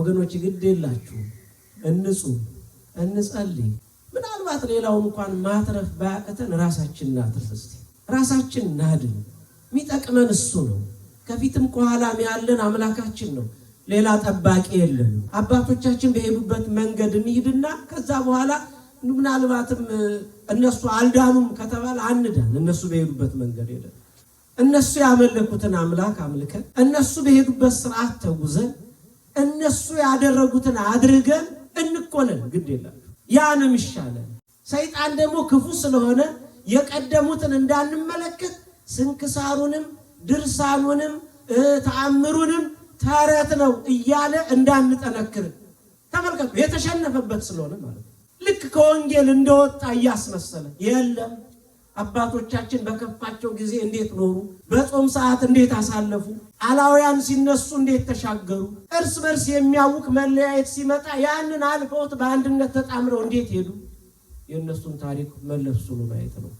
ወገኖች ግድ የላችሁ፣ እንጹ፣ እንጸልይ። ምናልባት ሌላውን እንኳን ማትረፍ ባያቅተን ራሳችን እናትርፍ እስቲ፣ ራሳችን እናድን። የሚጠቅመን እሱ ነው። ከፊትም ከኋላም ያለን አምላካችን ነው። ሌላ ጠባቂ የለም። አባቶቻችን በሄዱበት መንገድ እንሂድና ከዛ በኋላ ምናልባትም እነሱ አልዳኑም ከተባለ አንዳን። እነሱ በሄዱበት መንገድ ሄደን እነሱ ያመለኩትን አምላክ አምልከን እነሱ በሄዱበት ስርዓት ተጉዘን እነሱ ያደረጉትን አድርገን እንቆለን ግድ የላችሁ። ያ ነው የሚሻለን። ሰይጣን ደግሞ ክፉ ስለሆነ የቀደሙትን እንዳንመለከት ስንክሳሩንም ድርሳኑንም ተአምሩንም ተረት ነው እያለ እንዳንጠነክር ተመልከቱ። የተሸነፈበት ስለሆነ ማለት ልክ ከወንጌል እንደወጣ እያስመሰለ የለም አባቶቻችን በከፋቸው ጊዜ እንዴት ኖሩ? በጾም ሰዓት እንዴት አሳለፉ? አላውያን ሲነሱ እንዴት ተሻገሩ? እርስ በርስ የሚያውቅ መለያየት ሲመጣ ያንን አልፈውት በአንድነት ተጣምረው እንዴት ሄዱ? የእነሱን ታሪክ መለሱ ማየት ነው።